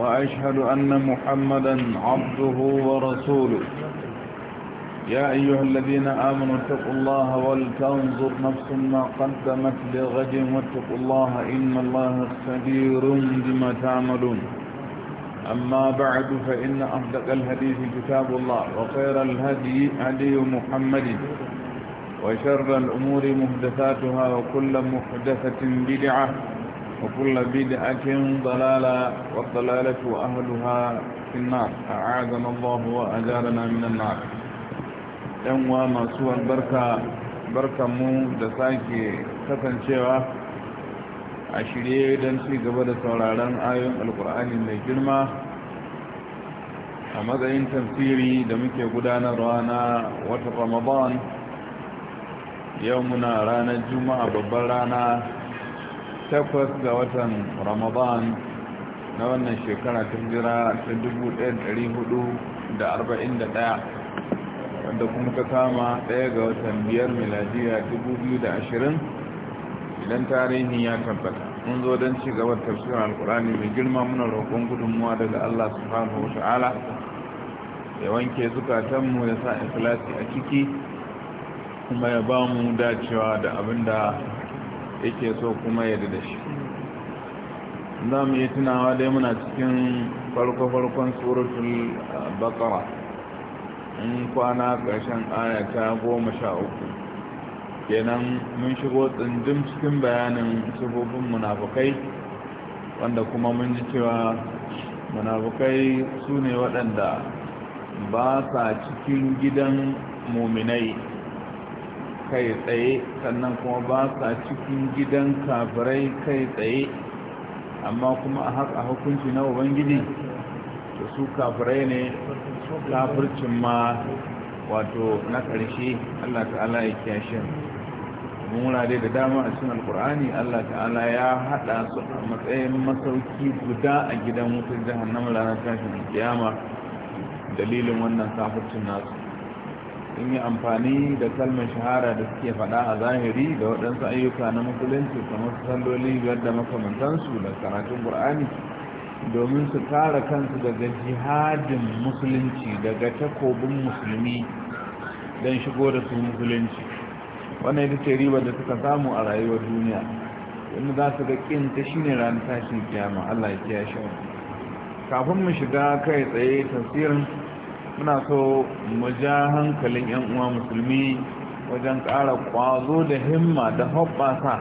وأشهد أن محمدا عبده ورسوله يا أيها الذين آمنوا اتقوا الله ولتنظر نفس ما قدمت لغد واتقوا الله إن الله خبير بما تعملون أما بعد فإن أصدق الحديث كتاب الله وخير الهدي هدي محمد وشر الأمور محدثاتها وكل محدثة بدعة وكل بدعة ضلالة والضلالة أهلها في النار أعاذنا الله وأجارنا من النار ينوى مسوى البركة بركة مو دساكي ستن شوى عشرية دنسي قبل سوراران آيون القرآن اللي جرمى a matsayin tafsiri قدان muke gudanarwa na wata ramadan yau muna takwas ga watan ramadan na wannan shekara ta jira ta 1441 wadda kuma ta kama ɗaya ga watan biyar miladiya ashirin idan tarihin ya tabbata mun zo don ci gabar tafsirin alkurani mai girma muna roƙon gudunmuwa daga allah subhanahu wa ta'ala ya wanke zukatanmu ya sa ikilasi a ciki kuma ya ba mu dacewa da abin da. yake so kuma yadda da shi za mu yi tunawa dai muna cikin farko-farkon suratul ah, bakara in kwana ƙarshen aya goma sha uku kenan mun shigo tsindin cikin bayanin sufofin munafukai wanda kuma mun ji cewa munafukai su ne waɗanda ba sa cikin gidan muminai kai tsaye sannan kuma ba sa cikin gidan kafirai kai tsaye amma kuma a haka hukunci na ubangiji da su kafirai ne kafircin ma wato na karshe allah ta'ala ya kyashin wurare da dama a cikin alkur'ani allah ta'ala ya haɗa su a matsayin masauki guda a gidan wutar jihannama ranar tashin kiyama dalilin wannan kafircin nasu sun yi amfani da kalmar shahara da suke faɗa a zahiri da waɗansu ayyuka na musulunci kamar su salloli biyar da makamantansu da karatun ƙur'ani domin su kare kansu daga jihadin musulunci daga takobin musulmi don shigo da su musulunci wannan ita ce riba da suka samu a rayuwar duniya wanda za su ga ƙin ta ne ranar tashin kiyama allah ya kiya kafin mu shiga kai tsaye tasirin muna so mu ja hankalin 'yan uwa musulmi wajen ƙara ƙwazo da himma da hoɓɓasa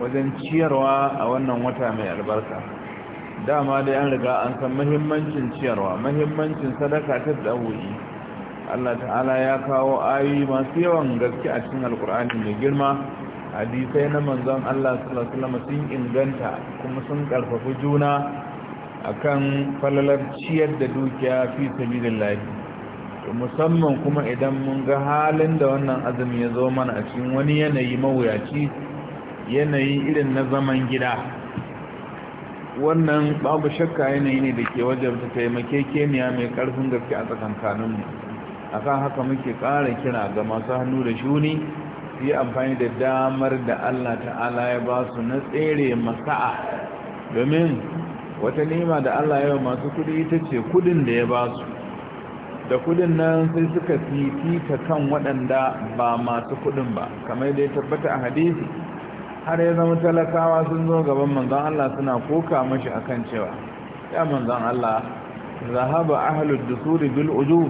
wajen ciyarwa a wannan wata mai albarka dama da yan riga an san mahimmancin ciyarwa mahimmancin sadaka ta ɗawo'i allah ta'ala ya kawo ayoyi masu yawan gaske a cikin alkur'ani mai girma hadisai na manzon allah sallallahu sun inganta kuma sun karfafi juna akan falalar ciyar da dukiya fi sabilillahi musamman kuma idan mun ga halin da wannan azumi ya zo mana a cikin wani yanayi mawuyaci yanayi irin na zaman gida wannan babu shakka yanayi ne da ke wajen ta taimake keniya mai karfin gaske a tsakankaninmu a kan haka muke ƙara kira ga masu hannu da shuni su yi amfani da damar da allah ta'ala ya ba su na tsere masa'a domin wata nema da allah yawa masu kuɗi ita ce kudin da ya ba su da kudin nan sai suka fifita kan waɗanda ba masu kudin ba kamar da ya tabbata a hadisi har ya zama talakawa sun zo gaban manzan Allah suna koka mashi akan cewa ya manzon Allah zahaba ahli dusuri bil uju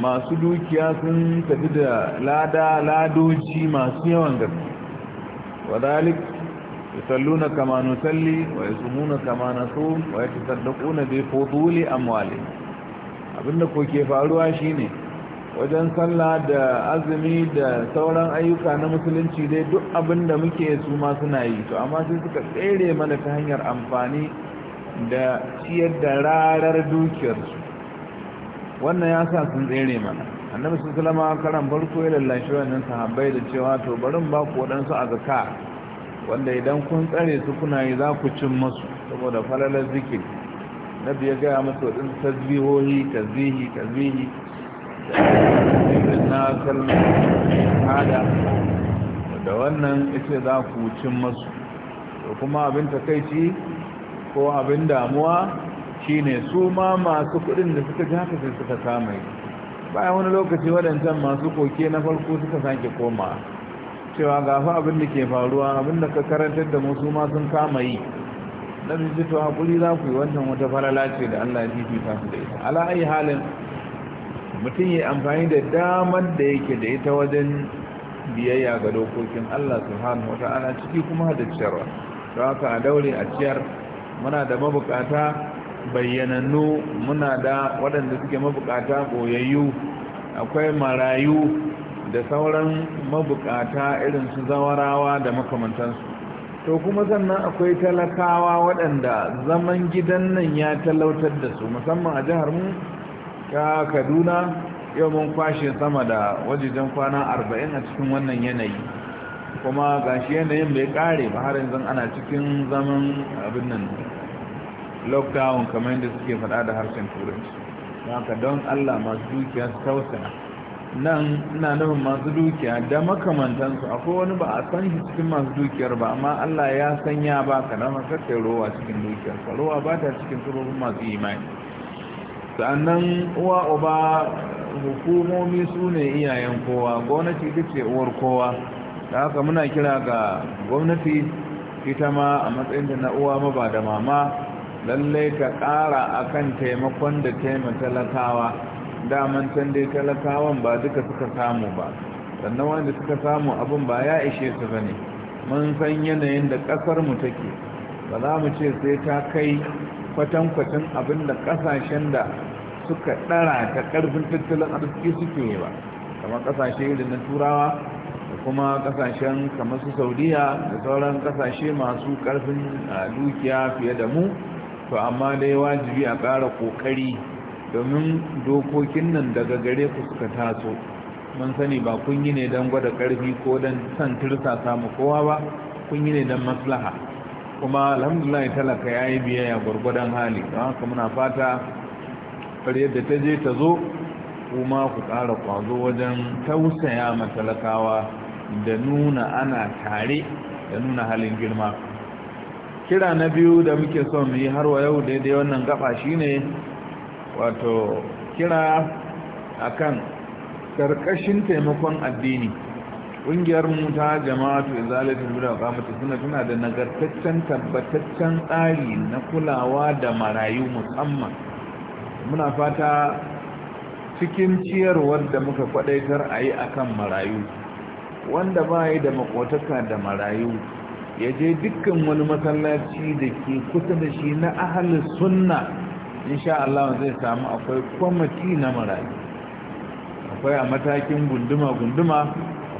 masu dukiya sun tafi da lada ladoji masu yawan gaske wadalik yusalluna kama nusalli wa yusumuna kama nasum wa yatasaddaquna bi fuduli amwali abinda ko ke faruwa shine wajen sallah da azumi da sauran ayyuka na musulunci dai duk abinda muke su ma suna yi to amma sai suka tsere mana ta hanyar amfani da ciyar da rarar dukiyarsu wannan ya sa sun tsere mana annabi sun salama karan farko ya lallashi wannan sahabbai da cewa to barin ba ku waɗansu a zaka wanda idan kun tsare su kuna yi za ku cin masu saboda falalar zikiri nabi ya gaya masa waɗin tasbihohi tasbihi tasbihi na kalmar hada da wannan ita za ku cin masu da kuma abin takaici ko abin damuwa shine su ma masu kudin da suka ji haka sai suka kama yi bayan wani lokaci waɗancan masu koke na farko suka sake koma cewa gafa abin da ke faruwa abin da ka karantar da musu ma sun kama yi dan ji hakuri za ku yi wannan wata falala ce da Allah ya fifita ku da ita ala ayi halin mutum ya amfani da damar da yake da ita wajen biyayya ga dokokin Allah subhanahu wata'ala ciki kuma da ciyarwa don haka a daure a ciyar muna da mabukata bayyanannu muna da waɗanda suke mabukata boyayyu akwai marayu da sauran mabukata irin su zawarawa da makamantansu to kuma sannan akwai talakawa waɗanda zaman gidan nan ya talautar da su musamman a jihar mu ta kaduna yau mun kwashe sama da wajejen kwana arba'in a cikin wannan yanayi kuma gashi yanayin bai kare ba har yanzu ana cikin zaman abin nan lockdown kamar yadda suke faɗa da harshen turanci don allah masu dukiya su tausaya nan ina nufin masu dukiya da makamantansu akwai wani ba a san shi cikin masu dukiyar ba amma Allah ya san ya ba ka dama kakkai rowa cikin dukiyar ka rowa ba ta cikin sababin masu imani sannan uwa uba hukumomi su ne iyayen kowa gwamnati ita ce uwar kowa da haka muna kira ga gwamnati ita ma a matsayin da na uwa ma ba da mama lallai ka ƙara akan taimakon da talakawa. daman can dai talakawan ba duka suka samu ba sannan wanda suka samu abin ba ya ishe su ba ne mun san yanayin da ƙasarmu take ba za mu ce sai ta kai kwatankwacin abin da ƙasashen da suka ɗara ta ƙarfin tattalin arziki suke ba kamar ƙasashe irin na turawa da kuma ƙasashen kamar su saudiya da sauran ƙasashe masu ƙarfin dukiya fiye da mu to amma dai wajibi a ƙara ƙoƙari domin dokokin nan daga gare ku suka taso mun sani ba kun yi ne don gwada ƙarfi ko don san tirsa samu kowa ba kun yi ne don maslaha kuma alhamdulillah talaka ya yi biyayya gwargwadon hali don haka muna fata kar yadda ta je ta zo kuma ku ƙara ƙwazo wajen tausaya matalakawa da nuna ana tare da nuna halin girma kira na biyu da muke son mu yi har wa yau daidai wannan gaba shine wato kira akan karkashin taimakon addini ƙungiyar mu ta jama'atu izalatul bid'a qamati suna suna da nagartaccen tabbataccen tsari na kulawa da marayu musamman muna fata cikin ciyarwar da muka kwadaitar a yi akan marayu wanda ba yi da makotaka da marayu ya je dukkan wani masallaci da ke kusa da shi na ahalin sunna insha Allah zai samu akwai kwamiti na marayu akwai a matakin gunduma-gunduma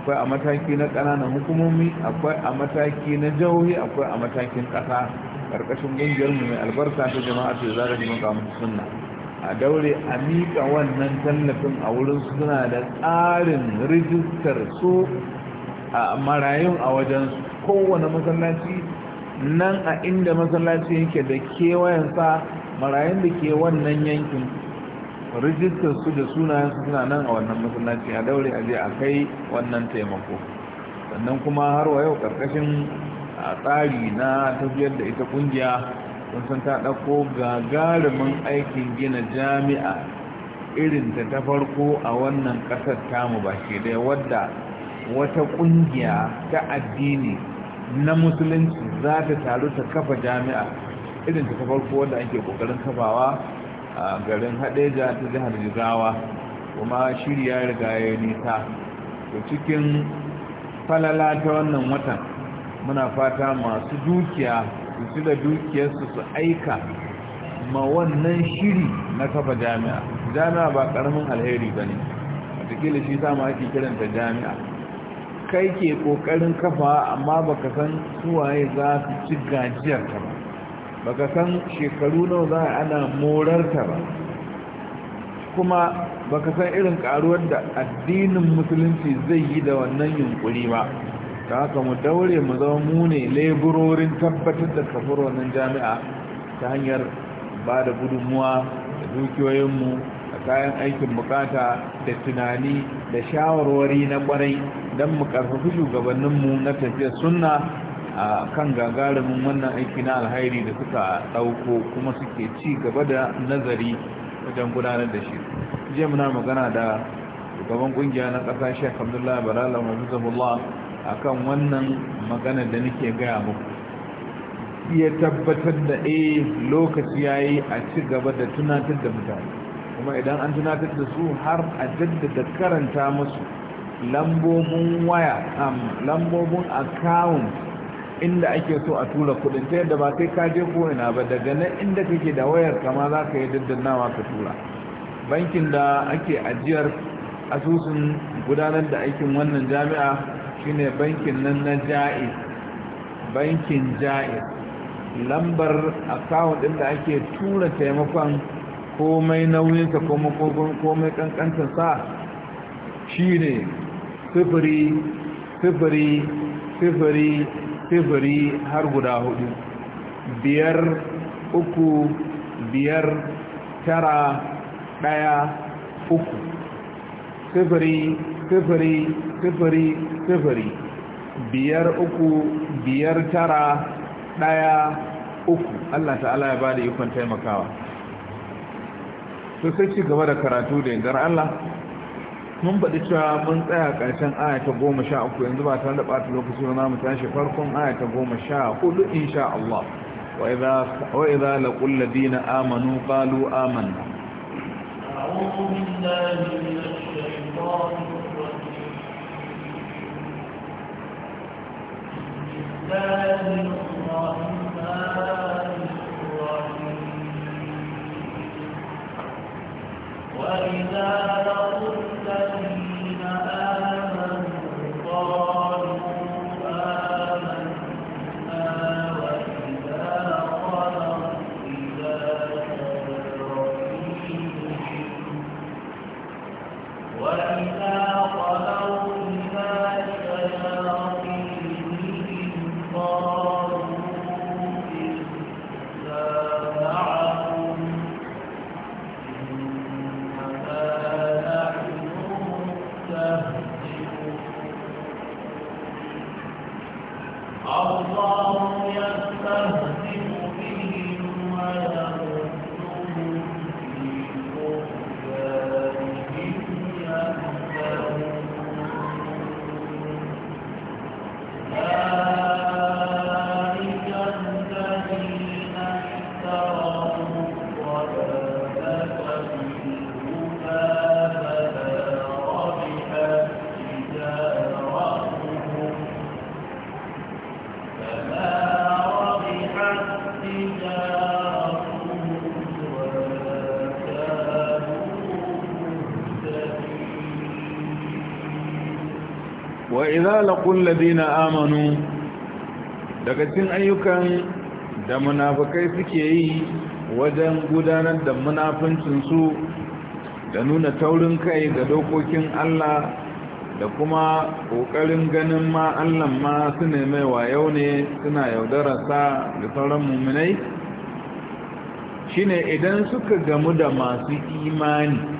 akwai a mataki na ƙananan hukumomi akwai a mataki na jihohi akwai a matakin ƙasa ƙarƙashin mu mai albarka ta jama'a ce za ta ji makamun sunna a daure a mika wannan tallafin a wurin suna da tsarin rijistar su a marayun a wajen kowane masallaci nan a inda masallaci yake da kewayen kewayensa marayun da ke wannan yankin rijistar su da sunayen su suna nan a wannan masallaci a daure a je a kai wannan taimako sannan kuma har wa yau karkashin tsari na tafiyar da ita kungiya sun san ta ɗauko gagarumin aikin gina jami'a irin ta ta farko a wannan ƙasar tamu ba ke dai wadda wata kungiya ta addini na musulunci za ta taru ta kafa jami'a irin ta farko wanda ake kokarin kafawa a garin hadeja ta jihar jigawa kuma shiri ya riga ya yi nisa to cikin falala ta wannan watan muna fata masu dukiya su ci da dukiyarsu su aika ma wannan shiri na kafa jami'a jami'a ba karamin alheri ba ne wataƙila shi sama ake kiranta jami'a kai ke kokarin kafa amma baka san suwaye za su ci gajiyar ka. baka san shekaru nawa za a ana morarta ba kuma baka san irin karuwar da addinin musulunci zai yi da wannan yunkuri ba ta haka mu daure mu zama mu ne leburorin tabbatar da kafar wannan jami'a ta hanyar ba da gudunmuwa da dukiyoyinmu da kayan aikin bukata da tunani da shawarwari na kwarai don mu karfafi shugabanninmu na tafiyar sunna a kan gagarumin wannan aiki na alhairi da suka dauko kuma suke ci gaba da nazari wajen gudanar da shi jiya muna magana da shugaban kungiya na ƙasa shek abdullah barala mafizahullah a kan wannan magana da nake gaya muku iya tabbatar da e lokaci ya yi a ci gaba da tunatar da mutane kuma idan an tunatar da su har a jaddada karanta musu lambobin waya lambobin akawun inda ake so a tura kudin ta yadda ba kai ka je ko ko'ina ba daga nan inda kake da wayar kama za ka yi daddannawa ka tura bankin da ake ajiyar asusun gudanar da aikin wannan jami'a shine bankin nan na ja'i bankin ja'i lambar akawun din da ake tura taimakon komai nauyinsa komai kankantar sa shine sifiri sifiri sifiri sifiri har guda hudu biyar uku biyar tara daya uku sifiri sifiri sifiri sifiri biyar uku biyar tara daya uku Allah ta'ala ya bada ikon taimakawa to sai ci gaba da karatu da yardar Allah mun faɗi cewa mun tsaya ƙarshen ayata 13 yanzu ba tare da bata lokaci ba mu tashi farkon ayata 14 insha Allah wa idha wa idha laqul ladina amanu qalu amanna a'udhu billahi minash shaitanir الله واتقوا Ladina Amanu, daga cikin ayyukan da munafukai suke yi wajen gudanar da su da nuna taurin kai ga dokokin Allah da kuma ƙoƙarin ganin ma Allah ma su ne mai wayo ne suna yaudararsa da sauran muminai shine idan suka gamu da masu imani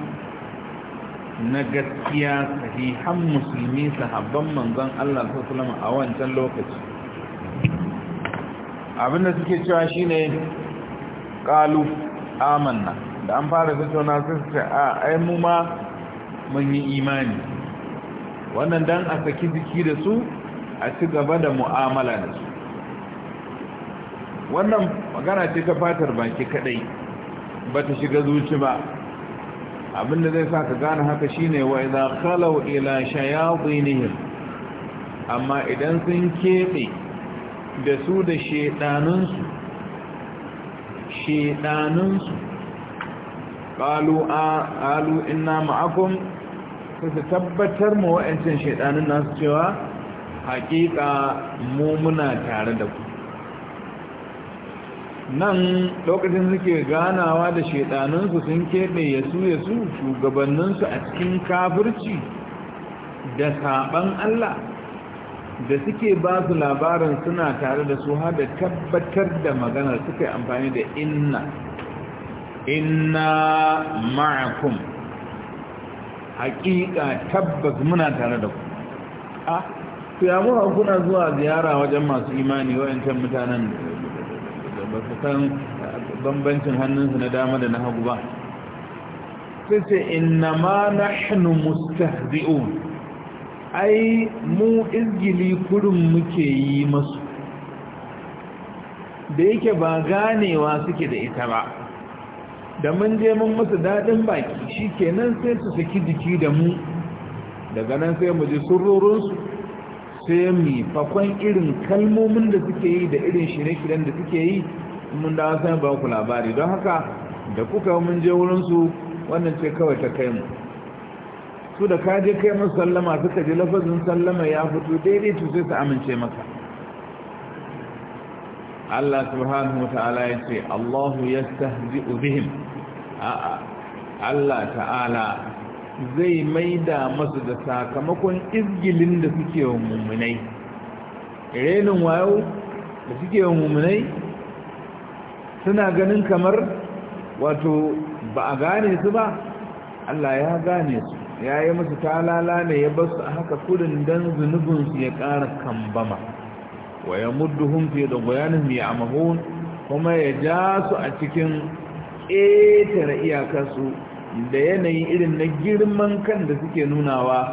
na gaskiya sahihan musulmi sahabban manzon Allah sallallahu a wancan lokaci Abin da suke cewa shine qalu amanna da an fara tattauna sai su ce a ai mu ma mun yi imani wannan dan a saki jiki da su a ci gaba da mu'amala da su wannan magana ce ta fatar baki kadai ta shiga zuci ba abinda zai sa ka gane haka shine wa idza khalau ila shayatinihim amma idan sun kebe da su da shedanun su shedanun su qalu alu inna ma'akum su tabbatar mu wa'ancin shedanun nasu cewa haƙiƙa mu muna tare da ku nan lokacin suke ganawa da shaidaninsu sun keɓe yasu yasu shugabanninsu a cikin kafirci da saɓan Allah da suke ba su labarin suna tare da su har da tabbatar da maganar suka amfani da inna inna ma'akum hakika tabbas muna tare da ku a ah, su yamu kuna zuwa ziyara wajen masu imani wa'yancan mutanen da. ba su san bambancin hannunsu na dama da na hagu ba sai ce inna ma hannun mustahzi'un ai mu izgili kurin muke yi masu da yake ba ganewa suke da ita ba da mun je mun musu daɗin baki shi kenan sai su saki jiki da mu daga nan sai mu ji surorinsu sai mu fakon irin kalmomin da suke yi da irin shirye-shiryen da suke yi mun da san ba ku labari don haka da kuka mun je wurin su wannan ce kawai ta kai mu su da ka je kai musu sallama suka ji lafazin sallama ya fito daidai to sai su amince maka Allah subhanahu ta'ala ya ce Allahu yastahzi'u bihim a'a Allah ta'ala zai maida masu da sakamakon izgilin da suke wa mummunai renin wayo da suke wa mummunai suna ganin kamar wato ba a gane su ba Allah ya gane su ya yi musu talala ne ya basu a haka kudin don zunubinsu ya ƙara kambama wa ya mudduhun fiye da guyanin ya amahun kuma ya ja su a cikin ƙetare iyakarsu da yanayi irin na girman kan da suke nunawa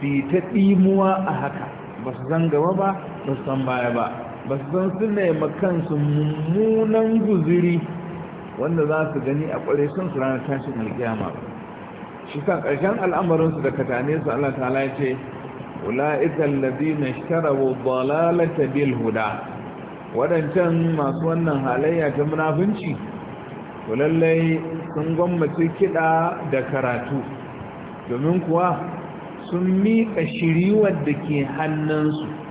fi ta ɗimuwa a haka ba su zan gaba ba ba su san baya ba ba su san su yi makansu mummunan guziri wanda za su gani a kware sun su ranar tashin alkiyama shi kan ƙarshen al'amarinsu da katane su Allah ta ya ce na ladina shtarabu dalalata bil huda waɗancan masu wannan halayya ta munafunci ku lallai sun gwammace kiɗa da karatu domin kuwa sun miƙa shiriwar da ke hannunsu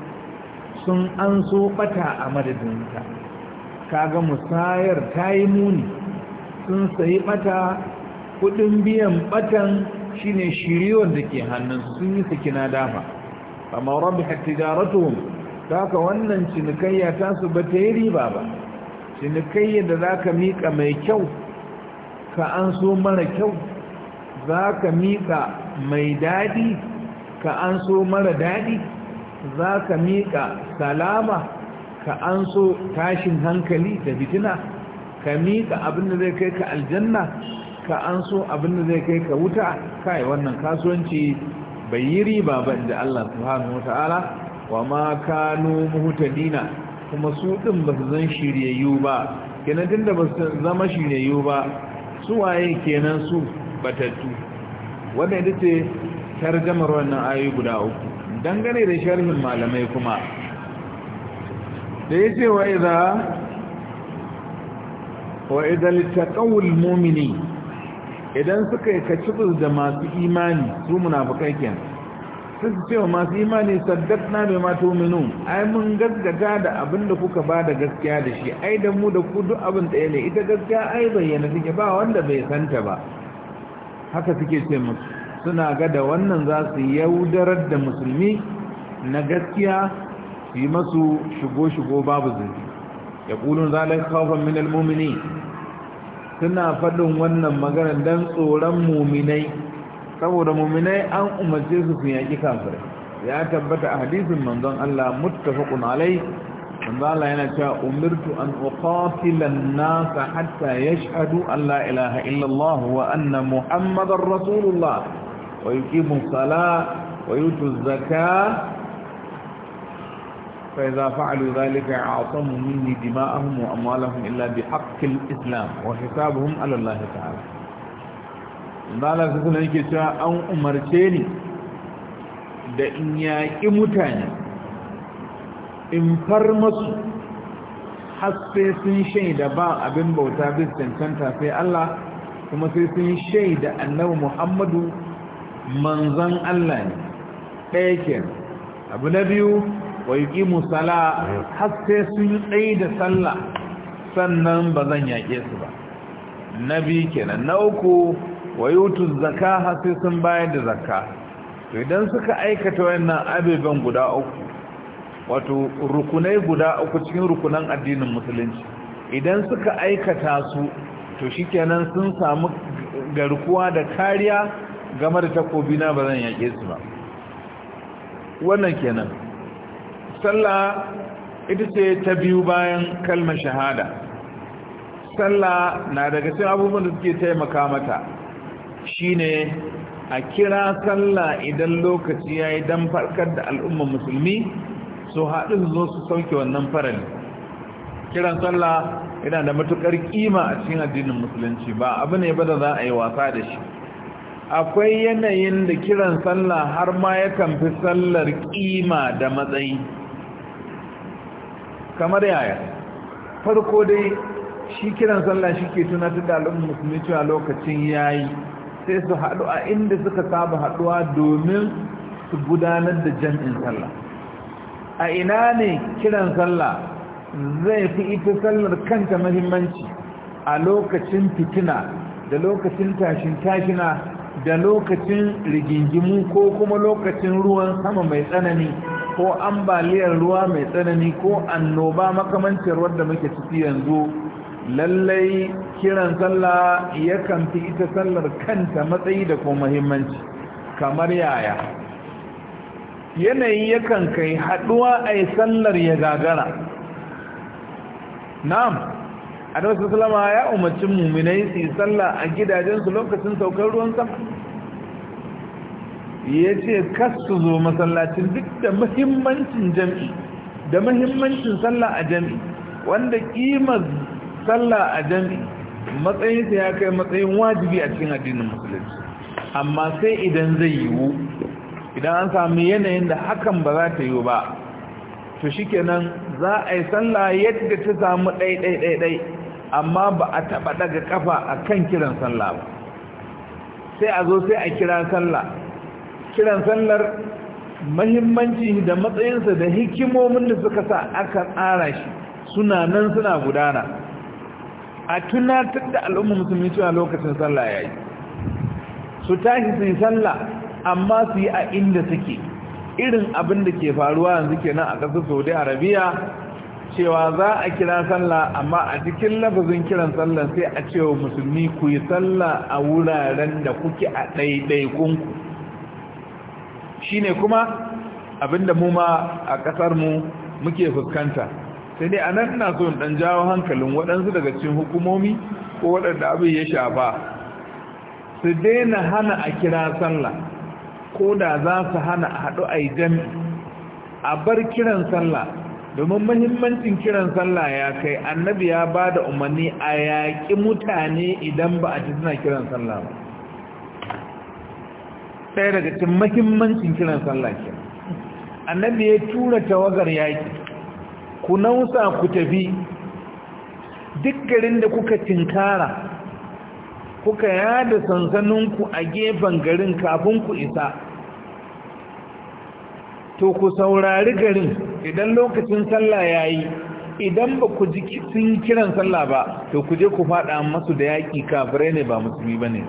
sun an so bata a madadinta kaga musayar ta yi muni sun sayi bata kudin biyan batan shine shiriyon da ke hannunsu sun yi na dafa amma rabihat tijaratuhum ka wannan cinikayya tasu ba ta yi riba ba cinikayya da zaka mika mai kyau ka an so mara kyau zaka mika mai daɗi ka an so mara daɗi? za ka miƙa salama ka an so tashin hankali da fitina ka miƙa abin da zai kai ka aljanna ka an so abin da zai kai ka wuta kai wannan kasuwanci bai yi riba ba inda Allah subhanahu wata'ala wa ma kanu muhtadina kuma su din ba su zan shiryayyu ba kenan tunda ba su zama shiryayyu ba su waye kenan su batattu wannan ita ce tarjamar wannan ayoyi guda uku dangane da sharhin malamai kuma da ya ce wa iza wa iza mu'mini idan suka yi kacibus da masu imani su munafikai kenan sai ce wa masu imani saddat na ma tu'minu ai mun gaggata da abin kuka ba da gaskiya da shi ai da mu da ku duk abin ɗaya ne ita gaskiya ai bayyana take ba wanda bai santa ba haka suke ce musu suna ga da wannan za su yaudarar da musulmi na gaskiya su yi masu shigo-shigo babu zai ya kulun zalar kawon minal mumini suna faɗin wannan maganar don tsoron muminai saboda muminai an umarce su su yaƙi kafirai ya tabbata a hadisin manzon Allah muttafaqun alai manzon na yana cewa umirtu an uqatila nasa hatta yashhadu an la ilaha wa anna muhammadar rasulullah ويقيموا الصلاة ويؤتوا الزكاة فإذا فعلوا ذلك عاصموا مني دماءهم وأموالهم إلا بحق الإسلام وحسابهم على الله تعالى قال سيكون لك شاء أن أمرتيني بإنياك متانا إن فرمسوا حسي سنشيد باء بن بوتابس سنتا في الله ثم سنشيد أنه محمد manzan Allah ne ɗaya ke abu na biyu wa yi ƙimu sala haske sun yi tsaye da sallah sannan ba zan yaƙe su ba na biyu kenan na uku wa yi zaka haske sun bayar da zaka to idan suka aikata wannan abubuwan guda uku wato rukunai guda uku cikin rukunan addinin musulunci idan suka aikata su to shikenan sun samu garkuwa da kariya game da takobi na ba zan yake su ba wannan kenan sallah ita ce ta biyu bayan kalmar shahada sallah na daga cikin abubuwan da suke taimaka mata shine a kira sallah idan lokaci yayi dan farkar da al'ummar musulmi su haɗu su zo su sauke wannan farali kiran sallah yana da matuƙar kima a cikin addinin musulunci ba abu ne ba da za a yi wasa da shi akwai yanayin da kiran sallah har ma yakan fi sallar kima da matsayi kamar yaya farko dai shi kiran sallah shi ke tunatar da dalibin musulmi cewa lokacin yayi sai su haɗu a inda suka saba haɗuwa domin su gudanar da jam'in sallah a ina ne kiran sallah zai fi ita sallar kanta mahimmanci a lokacin fitina da lokacin tashin tashina da lokacin rigingimu ko kuma lokacin ruwan sama mai tsanani ko ambaliyar ruwa mai tsanani ko annoba makamancin da muke ciki yanzu lallai kiran sallah yakan fi ita sallar kanta matsayi da kuma muhimmanci kamar yaya yanayi yakan kai haduwa a sallar ya gagara na'am annabi salama ya umarci mu'minai su yi sallah a gidajensu lokacin saukar ruwan sama ya ce kas su zo masallacin duk da mahimmancin jam'i da mahimmancin sallah a jam'i wanda kimar sallah a jam'i matsayinsa ya kai matsayin wajibi a cikin addinin musulunci amma sai idan zai yiwu idan an samu yanayin da hakan ba za ta yiwu ba to shikenan za a yi sallah yadda ta samu ɗai ɗai ɗai ɗai amma ba a taɓa ɗaga ƙafa a kan kiran sallah ba sai a zo sai a kira sallah kiran sallar mahimmanci da matsayinsa da hikimomin da suka sa aka tsara shi suna nan suna gudana a tunatar da al'umma musulmi cewa lokacin sallah ya yi su tashi su yi sallah amma su yi a inda suke irin abin da ke faruwa yanzu kenan a ƙasar saudi arabiya cewa za a kira sallah amma a cikin lafazin kiran sallah sai a cewa musulmi ku yi sallah a wuraren da kuke a kunku shi ne kuma abinda mu ma a mu muke fuskanta sai dai a nan ina so ɗan jawo hankalin waɗansu daga cikin hukumomi ko waɗanda abin ya shafa su daina hana a kira sallah ko da za su hana a haɗu a yi jami a bar kiran sallah domin mahimmancin kiran sallah ya kai annabi ya ba da umarni a yaƙi mutane idan ba a ci suna kiran sallah ba sai daga cin mahimmancin kiran sallah ke annabi ya tura tawagar yaƙi ku nausa ku tafi duk garin da kuka tinkara kuka yada sansaninku a gefen garin kafin ku isa to ku saurari garin idan lokacin sallah ya yi idan ba ku ji sun kiran sallah ba to ku je ku faɗa masu da yaƙi kafirai ne ba musulmi ba ne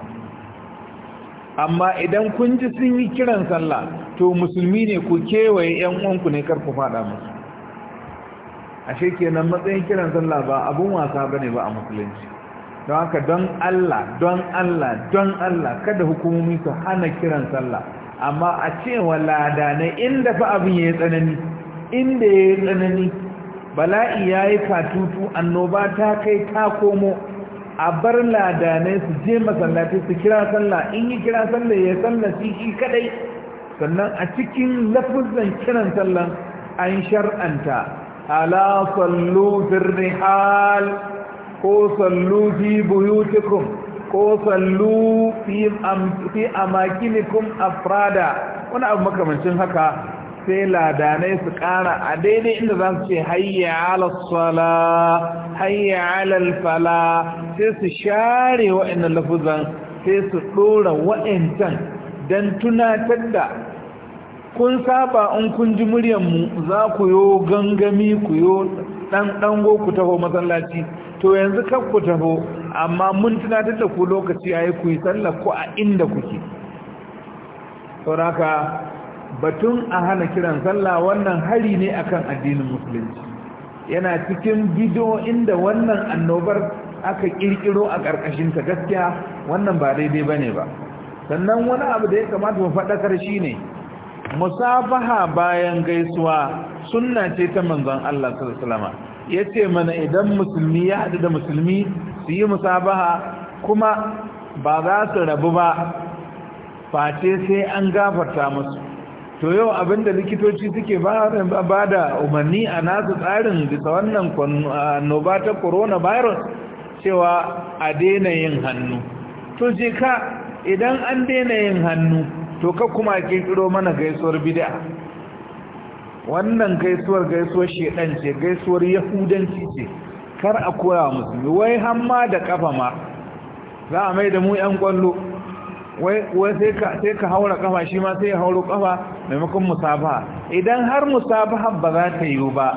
amma idan kun ji sun yi kiran sallah to musulmi ne ku kewaye yan uwanku ne kar ku faɗa musu ashe kenan matsayin kiran sallah ba abun wasa bane ba a musulunci don haka don Allah don Allah don Allah kada hukumomi su hana kiran sallah amma a cewa ladanai inda fa abin ya yi tsanani inda ya tsanani bala'i ya yi katutu annoba ta kai ta komo a bar ladanai su je masallaci su kira sallah in yi kira sallah ya sallah shi shi kadai sannan a cikin lafuzan kiran sallah an shar'anta ala sallu fil rihal ko sallu fi buyutikum ko sallu fi amakinikum afrada wani abu makamancin haka sai ladanai su kara a daidai inda za su ce hayya ala hayya ala fala sai su share wa'annan lafuzan sai su dora wa'ancan don tunatar da kun saba in kun ji muryanmu za ku yo gangami ku yo dan dango ku taho masallaci to yanzu kan ku taho amma mun tunatar da ku lokaci yayi ku yi sallah ko a inda kuke sauraka batun a hana kiran sallah wannan hari ne akan addinin musulunci yana cikin bido inda wannan annobar aka kirkiro a ƙarƙashin ta gaskiya wannan ba daidai bane ba sannan wani abu da ya kamata mu faɗakar shine musafaha bayan gaisuwa sunna ce ta manzon Allah sallallahu alaihi wasallam ya ce mana idan musulmi ya haɗu da musulmi su yi musabaha kuma ba za su rabu ba face sai an gafarta musu to yau abinda likitoci suke ba da umarni a nasu tsarin bisa wannan annoba ta coronavirus cewa a daina yin hannu to je ka idan an daina yin hannu to ka kuma kiro mana gaisuwar bid'a wannan gaisuwar gaisuwar shedan ce gaisuwar yahudanci ce kar a koya musulmi wai hamma da kafa ma za a mai da mu yan kwallo wai sai ka haura kafa shi ma sai ya hauro kafa maimakon musabaha idan har musabaha ba za ta yiwu ba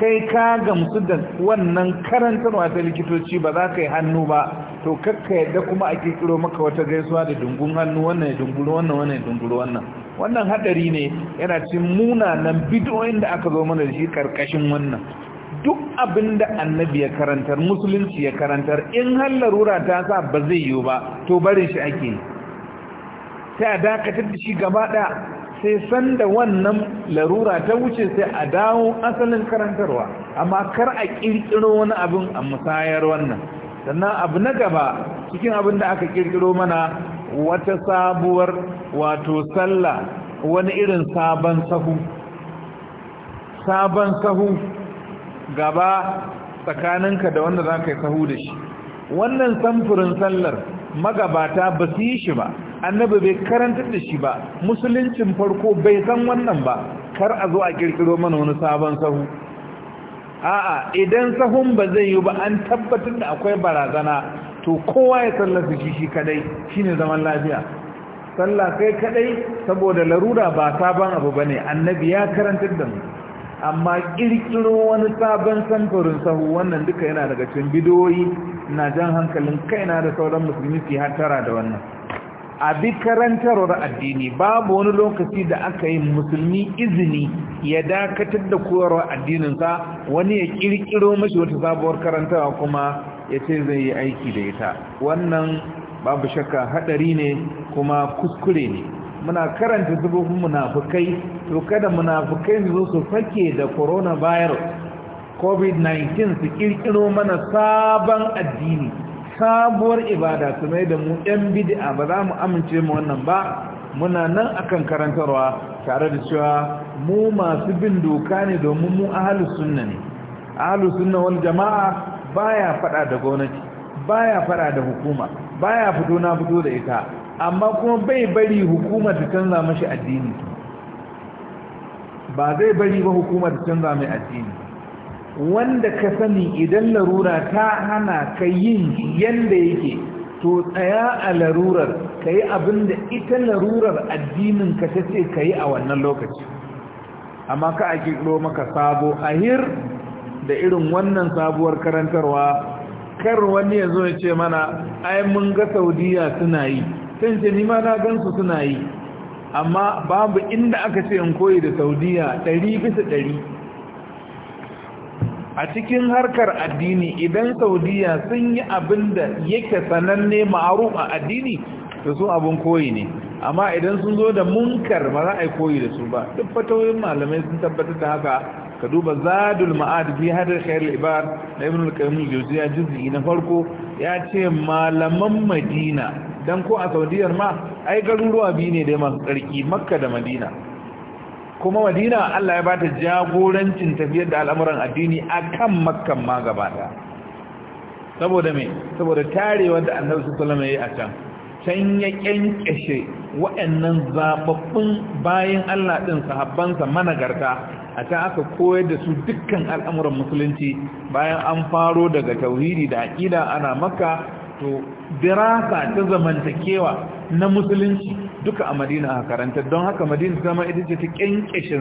kai ka gamsu da wannan karantarwa ta likitoci ba za ka yi hannu ba to kakka yadda kuma a kiro maka wata gaisuwa da dungun hannu wannan ya dunguru wannan wannan ya dunguru wannan wannan hadari ne yana cikin munanan bidiyoyin da aka zo mana da shi karkashin wannan duk abinda da annabi ya karantar musulunci ya karantar in har larura ta sa ba zai yiwu ba to barin shi ake sai a dakatar da shi gaba ɗaya sai san da wannan larura ta wuce sai a dawo asalin karantarwa amma kar a ƙirƙiro wani abin a musayar wannan sannan abu na gaba cikin abin da aka ƙirƙiro mana wata sabuwar wato sallah wani irin sabon sahu sabon sahu gaba tsakaninka da wanda za ka yi sahu da shi wannan samfurin sallar magabata ba su yi shi ba annabi bai karanta da shi ba musuluncin farko bai san wannan ba kar a zo a kirkiro mana wani sabon sahu a'a idan sahun ba zai yi ba an tabbatar da akwai barazana to kowa ya sallafi shi shi kadai shi ne zaman lafiya sallah kai kadai saboda larura ba sabon abu ba ne, annabi ya karantar da mu amma kirkiro wani sabon samfurin sahu wannan duka yana daga cikin bidoyi na jan hankalin kaina da sauran musulmi su hatara da wannan a bi karantarwar addini babu wani lokaci da aka yi musulmi izini ya dakatar da koyarwar addininsa wani ya ƙirƙiro mashi wata sabuwar karantawa kuma ya ce zai yi aiki da ita wannan babu shakka hadari ne kuma kuskure ne muna karanta zubin munafukai to kada munafukai su zo su fake da coronavirus covid-19 su kirkiro mana sabon addini sabuwar ibada su mai da mu yan bid'a ba za mu amince mu wannan ba muna nan akan karantarwa tare da cewa mu masu bin doka ne domin mu ahalus sunna ne ahalus sunna wal jama'a baya fada da gwamnati baya fada da hukuma baya fito na fito da ita amma kuma bai bari hukuma ta canza mashi addini ba zai bari ba hukuma ta canza mai addini wanda ka sani idan larura ta hana ka yin yanda yake to tsaya a larurar ka yi abin ita larurar addinin ka ta ce ka yi a wannan lokaci amma ka a kiro maka sabo hir. da irin wannan sabuwar karantarwa kar wani ya zo ya ce mana ai mun ga saudiya suna yi sun ce nima na gansu suna yi amma babu inda aka ce in koyi da saudiya ɗari bisa ɗari a cikin harkar addini idan saudiya sun yi abin da yake sananne ma'aru a addini to su abin koyi ne amma idan sun zo da munkar ba za a yi koyi da su ba duk fatoyin malamai sun tabbatar da haka ka duba zadul ma'ad bi hadar khair al-ibad da ibn al-qayyim al-jawziya juz'i na farko ya ce malaman madina dan ko a saudiyar ma ai garuruwa biyu ne da masu tsarki makka da madina kuma madina Allah ya bata jagorancin tafiyar da al'amuran addini akan makkan ma gaba saboda me saboda tarewa da annabi sallallahu alaihi wasallam ya yi a can can ya kyankyashe waɗannan zababbun bayan Allah ɗin sahabbansa managarta a ta aka koyar da su dukkan al'amuran musulunci bayan an faro daga tauhidi da aƙida ana maka to birasa ta zamantakewa na musulunci duka a madina a karanta don haka madina zama ita ce ta kyankyashe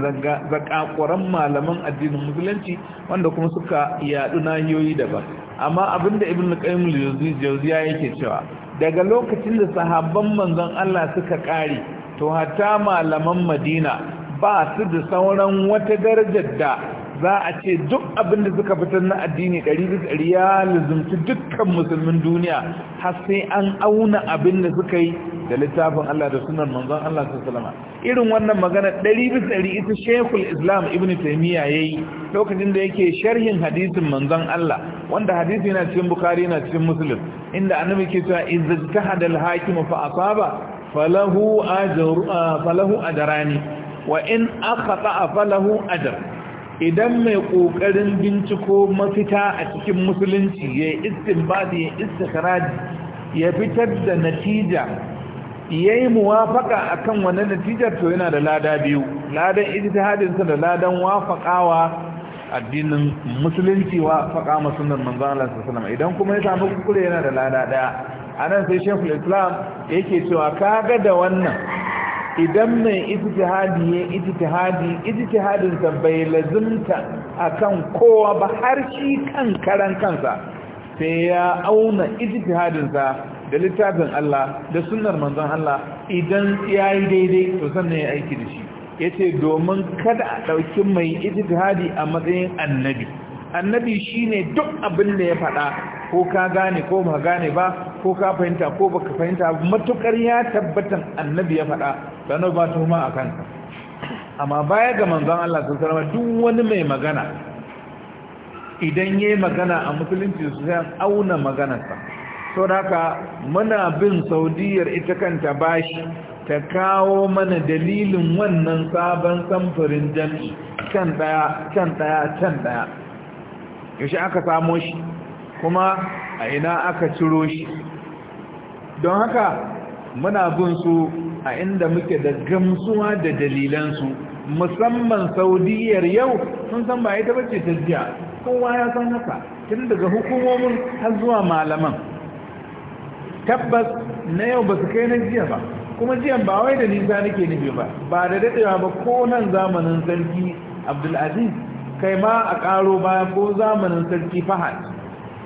zakakuran malaman addinin musulunci wanda kuma suka yaɗu nahiyoyi daban amma abinda ibn qayyim al yake cewa daga lokacin da sahabban manzon Allah suka kare to hatta malaman madina ba su da sauran wata darajar da za a ce duk abin da suka fitar na addini ɗari ya lizumci dukkan musulmin duniya har sai an auna abin da suka yi da littafin Allah da sunan manzon Allah sallama irin wannan magana ɗari ɗari ita shekul islam ibn taimiyya ya yi lokacin da yake sharhin hadisin manzon Allah wanda hadisi yana cikin bukari na cikin musulun inda annabi ke cewa izajtahada al-hakim fa asaba falahu ajru falahu ajrani wa in akhata falahu ajr idan mai kokarin binciko mafita a cikin musulunci ya yi da ya istikrari ya fitar da natija ya yi muwafaka a kan wannan natijar to yana da lada biyu ladan ijtihadinsa da ladan wafakawa addinin musulunci wafaka musulman manzo Allah sallallahu alaihi idan kuma ya samu kukure yana da lada daya anan sai shekul islam yake cewa kaga da wannan idan mai ijtihadi ya ijtihadi ijtihadin sa bai lazimta akan kowa ba har shi kan karan kansa sai ya auna ijtihadin sa da littafin Allah da sunnar manzon Allah idan yayi daidai to sannan ya aiki da shi yace domin kada a dauki mai ijtihadi a matsayin annabi annabi shine duk abin da ya faɗa ko ka gane ko ba gane ba ko ka fahimta ko baka fahimta matukar ya tabbatar annabi ya faɗa dano ba huma a kanka amma baya ga manzon Allah sun sarama duk wani mai magana idan yayi magana a musulunci su sai auna maganarsa sau da haka muna bin saudiyar ita kanta bashi ta kawo mana dalilin wannan sabon samfurin jami'i can daya can daya can daya yaushe aka samo shi kuma a ina aka ciro shi don haka muna bin su a inda muke da gamsuwa da dalilansu musamman saudiyar yau sun san ba ita bace ta jiya kowa ya san haka tun daga hukumomin har zuwa malaman tabbas na yau ba su kai na jiya ba kuma jiyan ba wai da nisa nake nufi ba ba da daɗewa ba ko nan zamanin sarki abdulaziz kai ma a ƙaro ba ko zamanin sarki fahad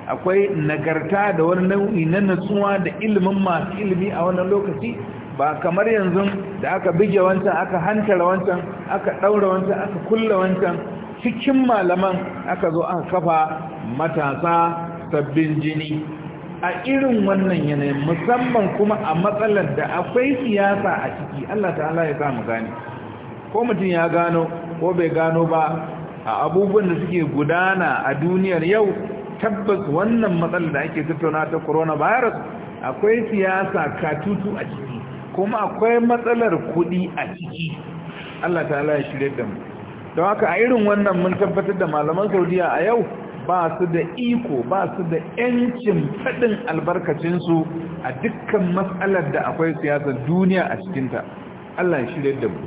akwai nagarta da wani nau'i na natsuwa da ilimin masu ilimi a wannan lokaci ba kamar yanzu da aka bige wancan aka hantara wancan aka ɗaura wancan aka kulla wancan cikin malaman aka zo aka kafa matasa sabbin jini a irin wannan yanayin musamman kuma a matsalar da akwai siyasa a ciki Allah ta'ala ya mu gani ko mutum ya gano ko bai gano ba a abubuwan da suke gudana a duniyar yau tabbas wannan matsalar da ake tattauna ta coronavirus akwai siyasa katutu a ciki kuma akwai matsalar kuɗi a ciki Allah ta ya shirye da mu don haka a irin wannan mun tabbatar da malaman saudiya a yau ba su da iko ba su da yancin faɗin albarkacinsu a dukkan matsalar da akwai siyasar duniya a cikinta Allah ya shirya da mu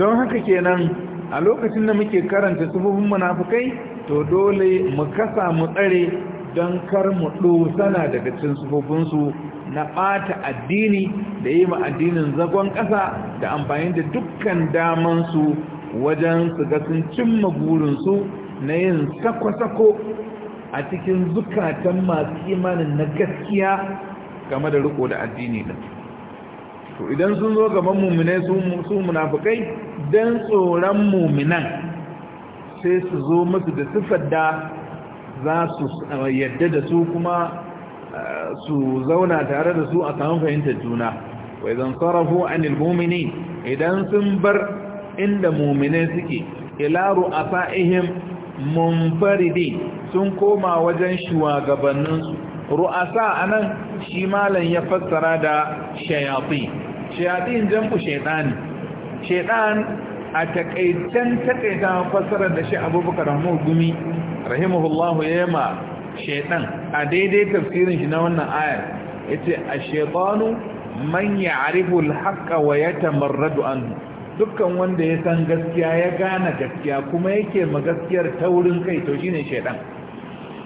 don haka kenan a lokacin da muke karanta sufufin munafukai to dole mu kasa mu tsare don kar mu dosana daga cikin sufofinsu na ɓata addini da yi ma addinin zagon ƙasa da amfani da dukkan su wajen su ga sun cimma burinsu na yin sako-sako a cikin zukatan masu imanin na gaskiya game da riko da addini da to idan sun zo gaban mummunai su munafukai don tsoron mummunan sai su zo musu da siffar da za su uh, yadda da su kuma uh, su zauna tare da su a samun fahimtar juna wai zan sarrafu an ilmomini idan sun bar inda muminai suke ilaru a sa'ihim munfaridi sun koma wajen shugabanninsu ru'asa a nan shi malam ya fassara da shayafi. Shayafin jamfu shaitani shaitan a takaicen takaita fasarar da shi abubakar mahmud gumi rahimahullahu ya yama shaitan a daidai tafsirin shi na wannan ayar ya ce a shaitanu man ya arifu wa ya tamarradu an dukkan wanda ya san gaskiya ya gane gaskiya kuma yake ma gaskiyar wurin kai to shi ne shaitan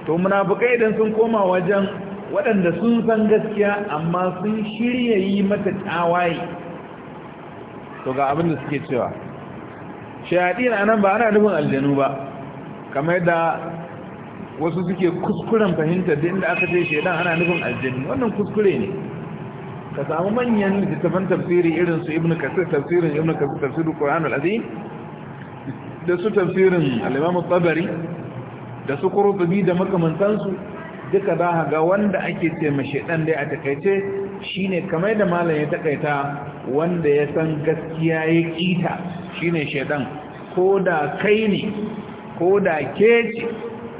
to munafukai idan sun koma wajen waɗanda sun san gaskiya amma sun shirya yi mata tawaye to ga abin da suke cewa shayaɗi na nan ba ana nufin aljanu ba kamar da wasu suke kuskuren fahimtar da inda aka ce shaidan ana nufin aljanu wannan kuskure ne ka samu manyan littattafan tafsiri irin su ibn kasir tafsirin ibn kasir tafsirin qur'an al-azim da su tafsirin al-imam tabari da su qurtubi da makamantansu duka za a ga wanda ake ce mashaɗan dai a takaice shine kamar da malam ya takaita wanda ya san gaskiya ya kita shine shaidan ko da kai ne ko da ke ce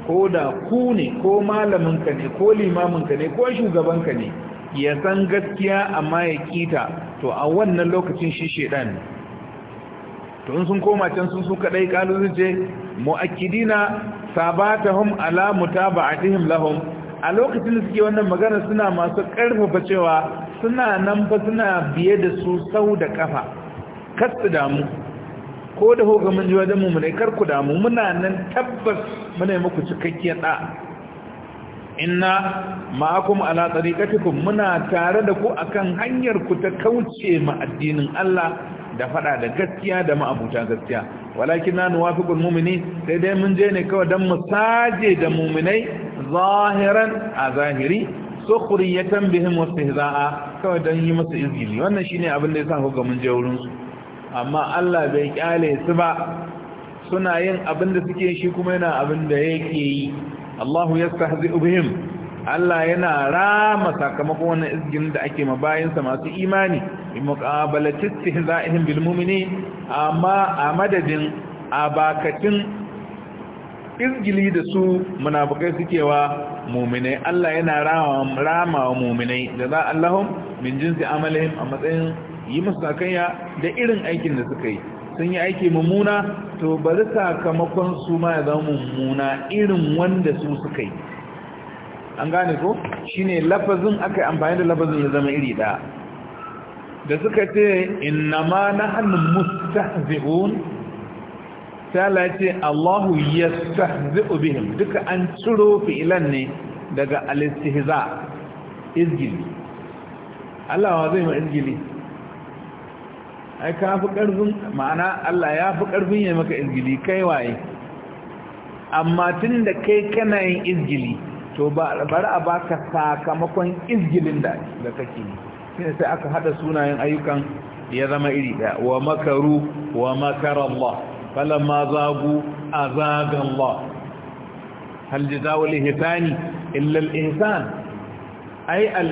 ko da ku ne ko malaminka ne ko limaminka ne ko shugabanka ne ya san gaskiya amma ya kita to a wannan lokacin shi shaidan ne to in sun koma can sun su kadai ƙalu zuce mu'akidina sabatahum ala mutaba'atihim lahum a lokacin da suke wannan magana suna masu ƙarfafa cewa suna nan fa suna biye da su sau da ƙafa kasu damu ko da hoga mun ji wajen kar ku damu muna nan tabbas muna yi muku cikakkiyar da inna ma'akum ala tariqatikum muna tare da ku akan hanyar ku ta kauce ma addinin Allah da fada da gaskiya da ma'abuta gaskiya walakin na nuwafiqul mu'mini sai dai mun je ne kawai dan mu saje da mu'minai zahiran a zahiri sukhriyatan bihim wastihza'a kawai dan yi musu izgili wannan shine abin da yasa kuka mun je wurin su amma Allah bai kyale su ba suna yin abin da suke shi kuma yana abin da yake yi Allah yastahzi'u bihim Allah yana rama sakamakon wannan izgin da ake sa masu imani in muqabalati bil mu'minin amma a madadin abakatin Kirgili da su munafukai suke wa muminai Allah yana rama wa muminai da za Allahun min jinsi amalihim a matsayin yi musu sakayya da irin aikin da suka yi sun yi aiki mummuna to bari sakamakon su ma ya zama mummuna irin wanda su suka yi an gane ko shine lafazin aka yi amfani da lafazin ya zama iri ɗaya da suka ce innama nahnu mustahzi'un sai ya ce Allahu yastahzi'u bihim duka an ciro fi'ilan ne daga al-istihza izgili Allah wa zai mai izgili ai ka fi karfin ma'ana Allah ya fi karfin ya maka izgili kai waye amma tun da kai kana yin izgili to bari a baka sakamakon izgilin da da kake shine sai aka hada sunayen ayyukan ya zama iri da wa makaru wa makara Allah falamma zagu azaga Allah hal jazaa'ul ihsani illa al ihsan ai al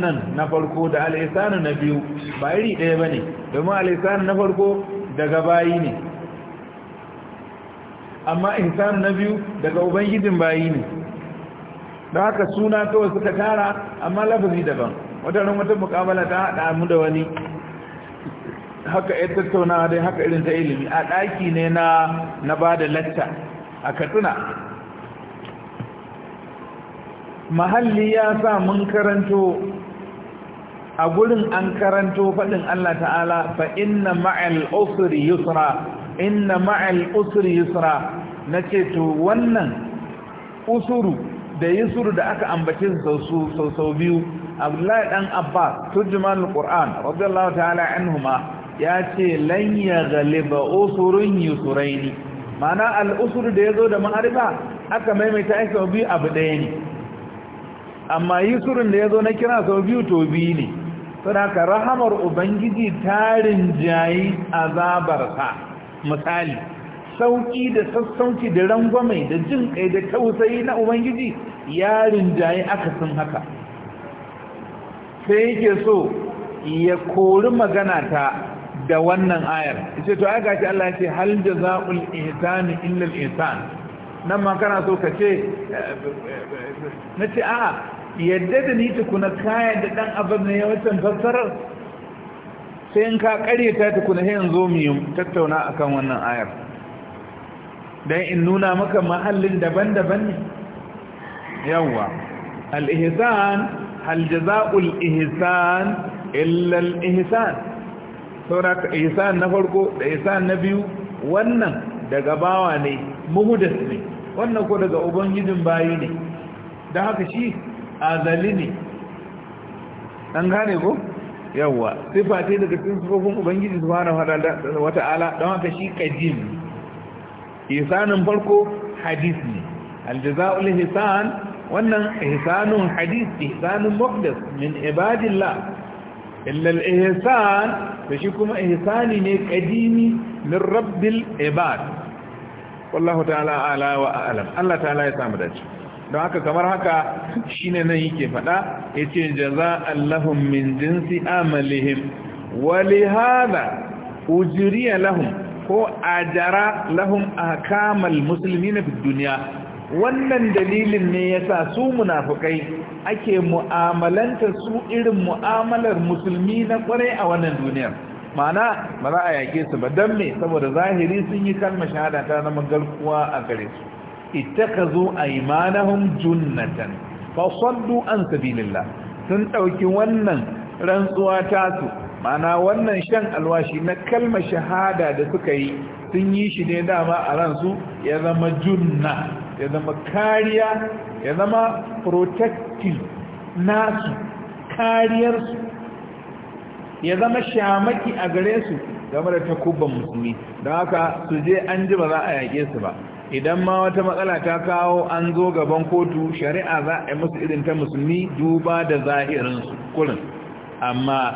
nan na farko da al na biyu ba iri daya bane domin al ihsan na farko daga bayi ne amma ihsan na biyu daga ubangijin bayi ne da haka suna kawai ta tara amma lafazi daban wata wata mukamala ta haɗa mu da wani haka ya tattauna dai haka irin ta ilimi a ɗaki ne na na ba latta a katsina mahalli ya sa mun karanto a gurin an karanto faɗin Allah ta'ala fa inna ma'al usri yusra inna ma'al usri yusra nace to wannan usuru da yusuru da aka ambace su sau biyu Abdullahi dan Abbas turjuman al-Qur'an radiyallahu ta'ala anhumah ya ce lanya ya galiba usurun yusuraini ma'ana al'usur da ya zo da ma'arifa aka maimaita ai sau biyu abu ɗaya ne amma yusurin da ya zo na kira sau biyu to biyu ne Suna ka rahamar ubangiji tarin jayi azabarsa misali sauƙi da sassauci da rangwame da jin kai da tausayi na ubangiji ya rinjaye akasin haka sai yake so ya kori magana ta da wannan ayar ce to ai gashi Allah ya ce hal jazaa'ul ihsani illa al-ihsan nan ma kana so ka ce nace a'a yadda da ni tukuna kaya da dan abin ne wancan fassarar sai in ka kare ta tukuna sai yanzu mu yi tattauna akan wannan ayar dan in nuna maka mahallin daban-daban ne yawa al-ihsan hal jazaa'ul ihsan illa al-ihsan saboda ka na farko da isa na biyu wannan daga bawa ne muhudas ne wannan ko daga ubangijin bayi ne don haka shi azali ne Dan gane ko yawwa sifa ce daga cikin sifofin ubangiji subhanahu wa ta'ala don haka shi qadim ihsanin farko hadis ne aljaza'ul hisan wannan ihsanun hadis ihsanun muqaddas min ibadillah illa al-ihsan Da shi kuma ihsani ne kadimi min rabbil ibad wallahu ta'ala ala wa a'lam Allah ta'ala ya samu dace don haka kamar haka shine nan yake fada yace jaza'an lahum min jinsi amalihim wa li hadha ujriya lahum ko ajara lahum ahkamal muslimina fid dunya wannan dalilin ne ya sa su munafukai ake mu'amalanta su irin mu'amalar musulmi na kwarai a wannan duniyar mana ba za a yake su ba dan me saboda zahiri sun yi kalma shahada ta zama garkuwa a gare su ittakazu aymanahum junnatan fa saddu an sabilillah sun ɗauki wannan rantsuwa ta su mana wannan shan alwashi na kalma shahada da suka yi sun yi shi ne dama a ransu ya zama junna ya zama kariya ya zama protective nasu kariyarsu ya zama shamaki a gare su game da takubban musulmi don haka su je an ji ba za a yake su ba idan ma wata matsala ta kawo an zo gaban kotu shari'a za a yi musu irin ta musulmi duba da zahirin kurin amma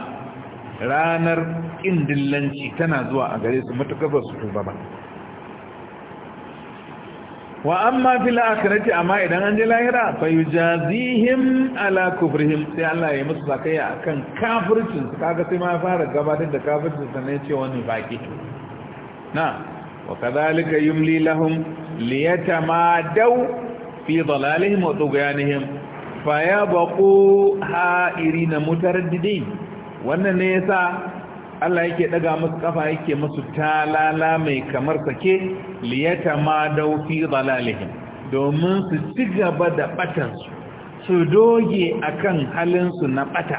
ranar indillanci tana zuwa a gare su matuƙar ba su tuba ba wa amma fil akhirati amma idan an je lahira fa yujazihim ala kufrihim sai Allah ya musu zakaya akan kafircin kaga sai ma ya fara gabatar da kafircin sannan ne ce wani baki na wa kadhalika yumli lahum liyatamadau fi dalalihim wa tughyanihim fa yabqu ha'irina mutaraddidin wannan ne yasa Allah yake daga musu kafa yake musu talala mai kamar sake liyata ma daufi zalalihin domin su ci gaba da batansu su doge akan halinsu na bata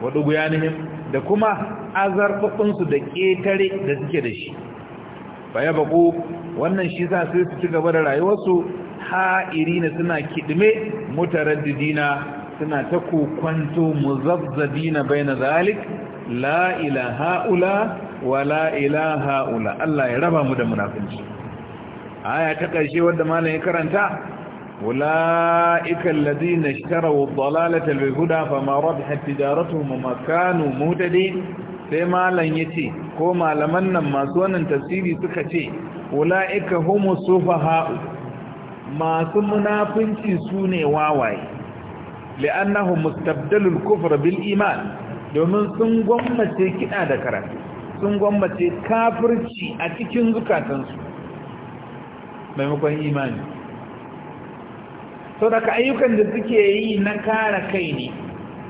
waɗugu yanihim da kuma azarfafinsu da ƙetare da suke da shi baya baƙo wannan shi sa sai su ci gaba da rayuwarsu ha'irina suna kiɗime dina suna ta kokwanto muzazzabina bai na zalik la ila ha'ula wa la ila ha'ula Allah ya raba mu da munafinci aya ta ƙarshe wadda malam ya karanta wala ikal ladina ishtaraw dalalata bil huda fama rabihat tijaratuhum ma kanu sai malam yace ko malaman nan masu wannan tafsiri suka ce wala ika humu sufaha masu munafinci sune wawaye li annahum mustabdalu al kufra bil iman domin sun gwammace kiɗa da karatu sun gwammace kafirci a cikin zukatansu maimakon imani sau daga ayyukan da suke yi na kara kai ne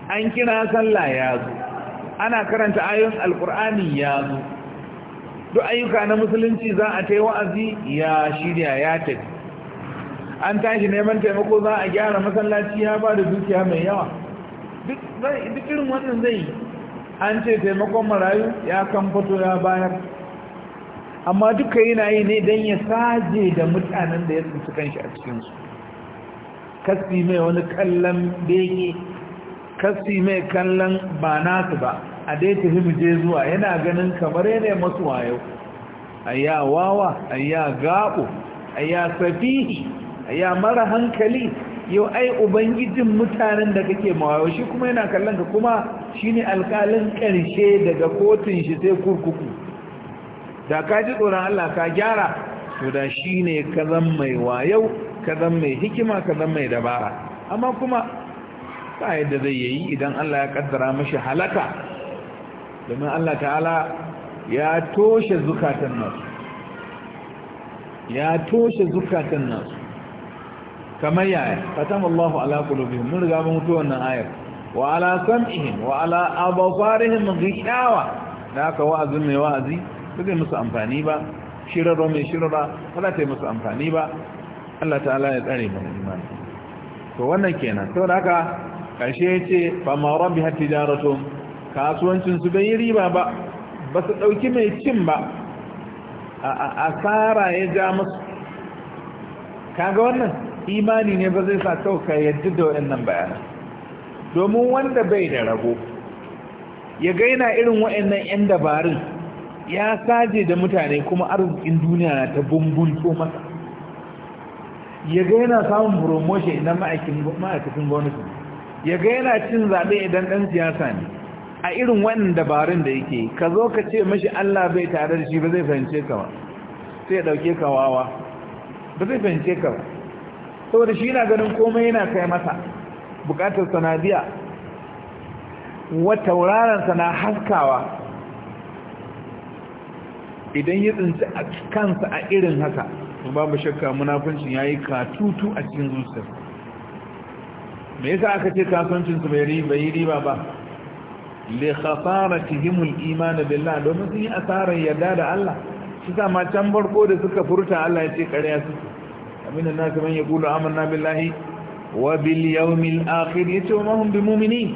an kira sallah ya zo ana karanta ayon alkur'ani ya zo duk ayyuka na musulunci za a ta wa'azi ya shirya ya tafi an tashi neman taimako za a gyara masallaci ya ba da dukiya mai yawa duk irin wannan zai an ce taimakon marayu ya kan fito ya bayar amma duka yana yi ne don ya saje da mutanen da ya tsinci shi a cikinsu kasi mai wani kallon beke, kasi mai kallon ba nasu ba a dai tafi muje zuwa yana ganin kamar yana masu wayo ayya wawa ayya gabo ayya safihi ayya mara hankali yau ai ubangijin mutanen da kake mawa shi kuma yana kallon ka kuma shine alƙalin ƙarshe daga kotun shi sai kurkuku da ka ji tsoron Allah ka gyara to da shine ka zan mai wayo ka zan mai hikima ka zan mai dabara amma kuma ba yadda zai yi idan Allah ya kaddara mashi halaka domin Allah ta'ala ya toshe zukatan nasu ya toshe zukatan nasu kamar yaya katama Allahu ala qulubihim mun riga mun mutu wannan ayar wa ala sam'ihim wa ala abasarihim ghishawa da aka wa'azi mai wa'azi ba zai musu amfani ba shirarwa mai shirarwa ba za ta yi musu amfani ba Allah ta'ala ya tsare mana imani to wannan kenan sau da haka kashe ya ce ba ma rabbi hatti kasuwancin su bai yi riba ba ba su ɗauki mai cin ba a asara ya ja musu kaga wannan imani ne ba zai sa tauka ya yadda da waɗannan bayanan domin wanda bai da rabo ya gaina irin waɗannan 'yan dabarun ya saje da mutane kuma arzikin duniya na ta bumbunto masa ya gaina samun promotion idan ma'aikacin gwamnati ya gaina cin zaɓe idan ɗan siyasa ne a irin wannan dabarun da yake ka zo ka ce mashi Allah bai tare da shi ba zai fahimce ka ba sai ya ɗauke ka wawa ba zai fahimce ka ba saboda shi yana ganin komai yana kai masa bukatar sanadiya wata na haskawa idan ya tsinci a kansa a irin haka babu shakka munafuncin ya yi katutu a cikin zuciyar me yasa aka ce kasuwancinsu bai yi riba ba le khasaratihim al-iman billah domin sun yi asarar yarda da Allah shi ma can barko da suka furta Allah ya ce kariya suke min an-nas man yaqulu amanna billahi wa bil yawmil akhir yatum hum bimu'minin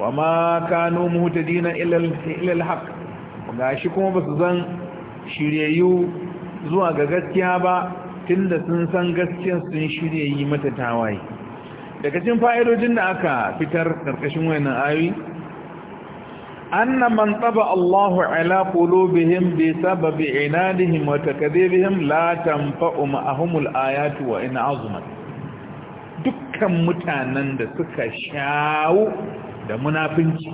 wama kanu muhtadina illa ila al-haq gashi kuma basu zan shiryayyu zuwa ga gaskiya ba tunda sun san gaskiyar sun shiryayyi mata tawaye daga cikin fa'idojin da aka fitar karkashin wayannan ayoyi أن من طبع الله على قلوبهم بسبب عنادهم وتكذيبهم لا تنفع معهم الآيات وإن عظمت dukkan mutanen da suka shawo da munafinci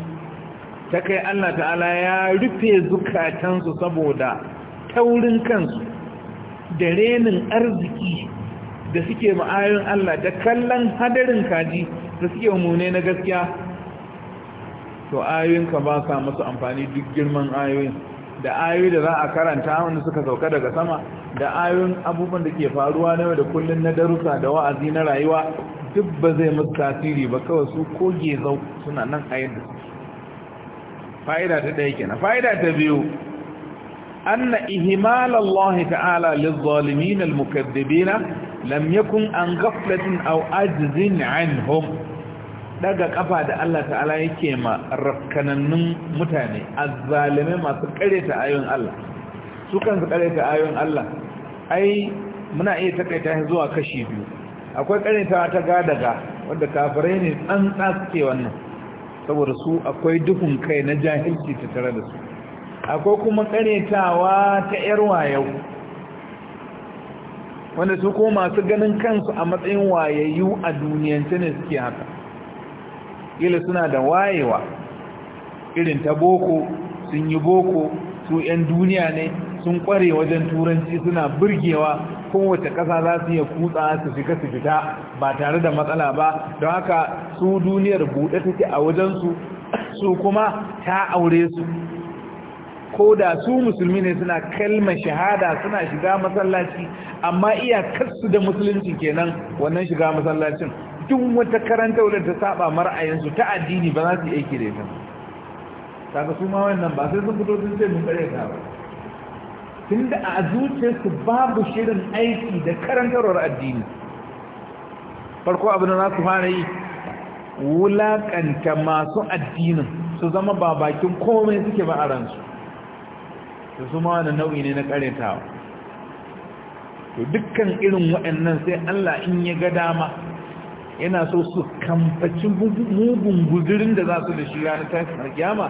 ta kai Allah ta'ala ya rufe zukatansu saboda taurin kansu da renin arziki da suke ma'ayin Allah da kallon hadarin kaji da suke mune na gaskiya to ayoyinka ba sa musu amfani duk girman ayoyin da ayoyi da za a karanta wanda suka sauka daga sama da ayoyin abubuwan da ke faruwa na yau da kullun na darussa da wa'azi na rayuwa duk ba zai musu tasiri ba kawai su ko zau suna nan a yadda su fa'ida ta ɗaya kenan fa'ida ta biyu anna ihmal Allah ta'ala al almukaddibina lam yakun an ghaflatin aw ajzin anhum daga kafa da Allah ta'ala yake ma rafkanannun mutane azzalime masu kareta ayoyin Allah su kansu kareta ayoyin Allah ai muna iya takaita zuwa kashi biyu akwai karetawa ta gadaga wanda kafirai ne tsantsa suke wannan saboda su akwai duhun kai na jahilci ta tare da su akwai kuma karetawa ta yar wayau wanda su ko masu ganin kansu a matsayin wayayyu a duniyance ne suke haka kila suna da wayewa irin ta boko sun yi boko su 'yan duniya ne sun kware wajen turanci suna burgewa kowace ƙasa za su iya kutsa su fika su fita ba tare da matsala ba don haka su duniyar buɗe take a wajensu su kuma ta aure su ko da su musulmi ne suna kalma shahada suna shiga masallaci amma iya iyakarsu da musulunci kenan wannan shiga masallacin duk wata karanta wadda ta saba mara'ayinsu ta addini ba za su iya da ta ba. su ma wannan ba sai sun fito sun ce mun kare ta ba tun da a zuciyarsu babu shirin aiki da karantarwar addini farko abin da za su fara yi wulaƙanta masu addinin su zama ba bakin komai suke ba a ransu su su ma wani nau'i ne na karetawa to dukkan irin waɗannan sai Allah in ya ga dama yana so su kamfacin mugun guzurin da za su da shi ranar tashin alkiyama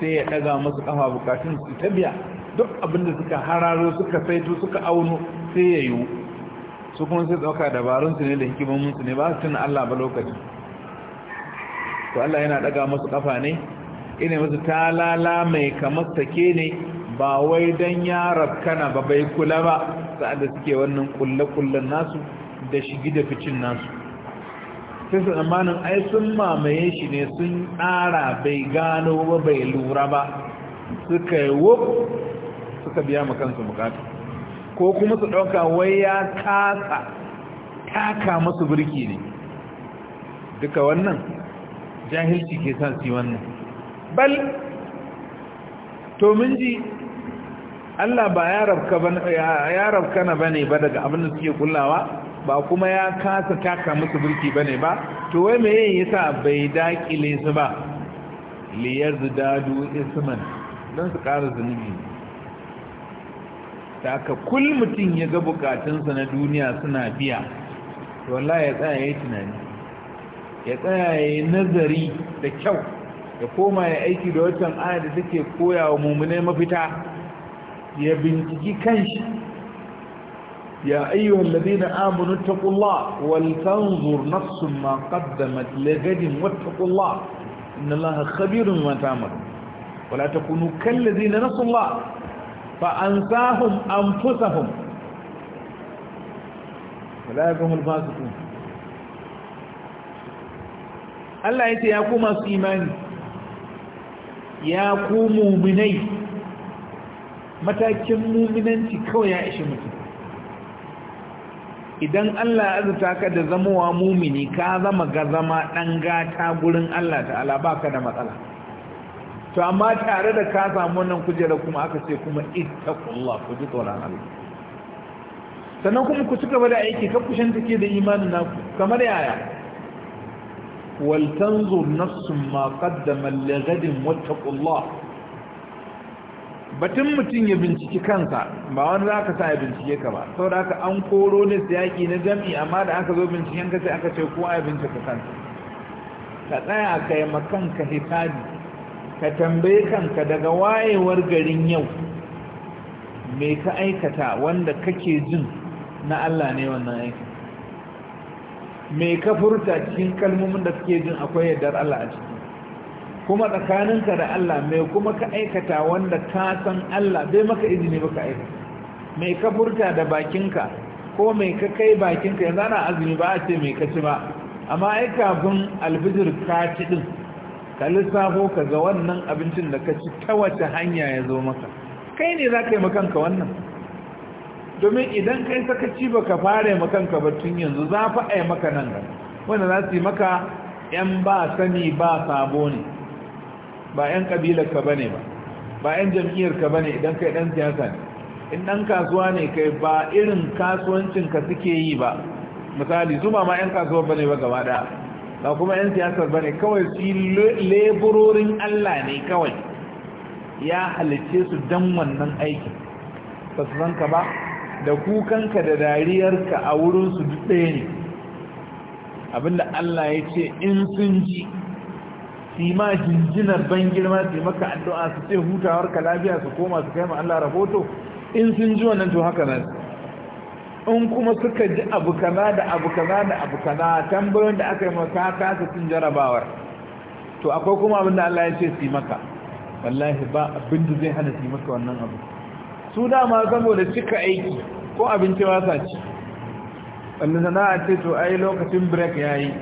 sai ya ɗaga masu ƙafa bukatun su ta biya duk abinda suka hararo suka saito suka auno sai ya yiwu su kuma sai dabarun dabarunsu ne da hikimominsu ne ba su tuna Allah ba lokaci to Allah yana daga masu kafa ne ina masu talala mai kamar take ne ba wai don ya kana ba bai kula ba sa'ad da suke wannan kulle-kullen nasu da shigi da ficin nasu sai su tsammanin ai sun mamaye shi ne sun tsara bai gano ba bai lura ba suka yi wuf suka biya kansu bukatu ko kuma su ɗauka wai ya kasa taka masu birki ne duka wannan jahilci ke sa su wannan bal to mun ji Allah ba ya rabka na ba ne ba daga abin da suke kullawa ba kuma ya kasa taka musu birki bane ba to wai me yasa bai dakile su ba liyar zidadu isman don su ƙara zunubi ta aka kul mutum ya ga bukatunsa na duniya suna biya wallahi ya tsaya ya tunani ya tsaya yayi nazari da kyau ya koma ya aiki da watan aya da take koya wa mummune mafita ya binciki kanshi يا أيها الذين آمنوا اتقوا الله ولتنظر نفس ما قدمت لغد واتقوا الله إن الله خبير بما تعمل ولا تكونوا كالذين نسوا الله فأنساهم أنفسهم ولا يكونوا الفاسقون الله يتي يقوم يا يقوم مؤمنين متى كم مؤمنين كوي يا إشي idan Allah azuta ka da zamowa mumini ka zama ga zama ɗan gata gurin Allah ta'ala baka da matsala to amma tare da ka samu wannan kujera kuma aka ce kuma ittaqullah ku ji tsoron Allah sannan kuma ku cika da aiki ka kushen take da imanin naku kamar yaya wal tanzur nafsun ma qaddama li ghadin wattaqullah batun mutum ya binciki kansa ba wani za ka sa ya bincike ka ba sau da aka an koro ne yaƙi na jam'i amma da aka zo binciken ka aka ce kuwa ya bincika kansa ka tsaya ka yi ka hitabi ka tambaye kanka daga wayewar garin yau me ka aikata wanda kake jin na Allah ne wannan aiki me ka furta cikin kalmomin da suke jin akwai yardar Allah a ciki kuma tsakaninka da Allah mai kuma ka aikata wanda ka san Allah bai maka izini ba ka aikata mai ka furta da bakinka ko mai ka kai bakinka yanzu ana azumi ba a ce mai ka ci ba amma ai kafin alfijir ka ci din ka lissafo ka ga wannan abincin da ka ci ta wace hanya ya zo maka kai ne za ka yi makanka wannan domin idan kai sakaci ba ka fara makanka ba tun yanzu za fa a yi maka nan gaba wanda za su yi maka 'yan ba sani ba sabo ne ba 'yan ƙabilar ka bane ba ba 'yan jam'iyyarka ka bane idan kai ɗan siyasa ne in ɗan kasuwa ne kai ba irin kasuwancin ka suke yi ba misali zuma ma 'yan kasuwa bane ba gaba ɗaya ba kuma 'yan siyasa bane kawai su leburorin allah ne kawai ya halicce su dan wannan aikin ba su zanka ba da kukanka da dariyarka a wurinsu duk ɗaya ne abinda allah ya ce in sun ji su ma jinjinar ban girma su maka addu'a su ce hutawar ka lafiya su koma su kai ma Allah rahoto in sun ji wannan to haka nan in kuma suka ji abu kaza da abu kaza da abu kaza tambayoyin da aka yi maka ka kasa cin jarabawar to akwai kuma abin da Allah ya ce su maka wallahi ba abin da zai hana su maka wannan abu su dama saboda cika aiki ko abinci ba sa ci wannan sana'a ce to ai lokacin break yayi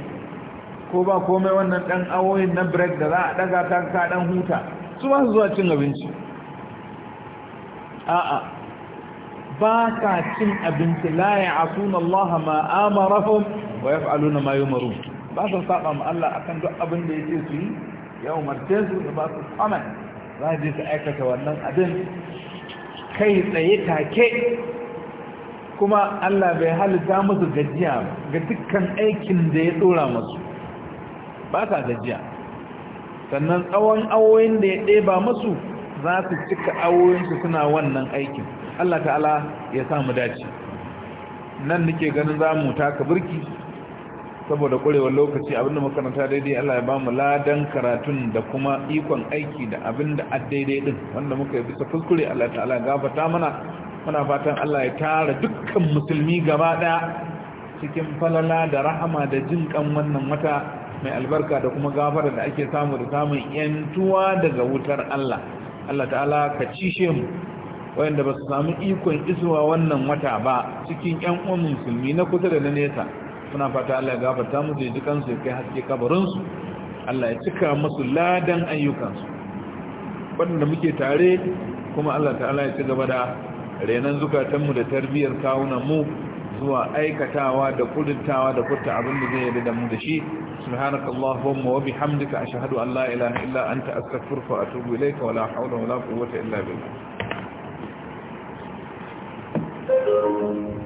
ko ba komai wannan ɗan awoyin na break da za a ɗaga ta ka ɗan huta su ba su zuwa cin abinci a'a ba ka cin abinci la ya asuna Allah ma amarahum wa yaf'aluna ma yumaru ba su saba ma Allah akan duk abin da yake su yi ya umarce su da ba su tsaman za su je su aikata wannan abin kai tsaye take kuma Allah bai halitta musu gajiya ga dukkan aikin da ya dora musu ba sa gajiya sannan tsawon awoyin da ya ɗeba masu za su cika awoyinsu suna wannan aikin Allah ta'ala ya samu dace nan nake ganin za mu taka birki saboda ƙurewar lokaci abinda makaranta daidai Allah ya ba mu ladan karatun da kuma ikon aiki da abinda a daidai din wanda muka yi bisa kuskure Allah ta'ala gafata mana muna fatan Allah ya tara dukkan musulmi gaba ɗaya cikin falala da rahama da jin kan wannan wata mai albarka da kuma gafara da ake samu da samun yantuwa daga wutar Allah Allah ta'ala ka cishe mu wayanda ba su samu ikon isuwa wannan wata ba cikin yan uwan musulmi na kusa da na nesa muna fata Allah ya gafarta musu ya dukan su kai haske kabarinsu Allah ya cika musu ladan ayyukansu wanda muke tare kuma Allah ta'ala ya ci gaba da renan zukatanmu da tarbiyyar kawunan mu zuwa aikatawa da kudurtawa da furta abin da zai yarda da mu da shi subhanaka allahumma wa bihamdika ashhadu an la ilaha illa anta astaghfiruka wa atubu ilayka wa la haula wa la quwwata illa billah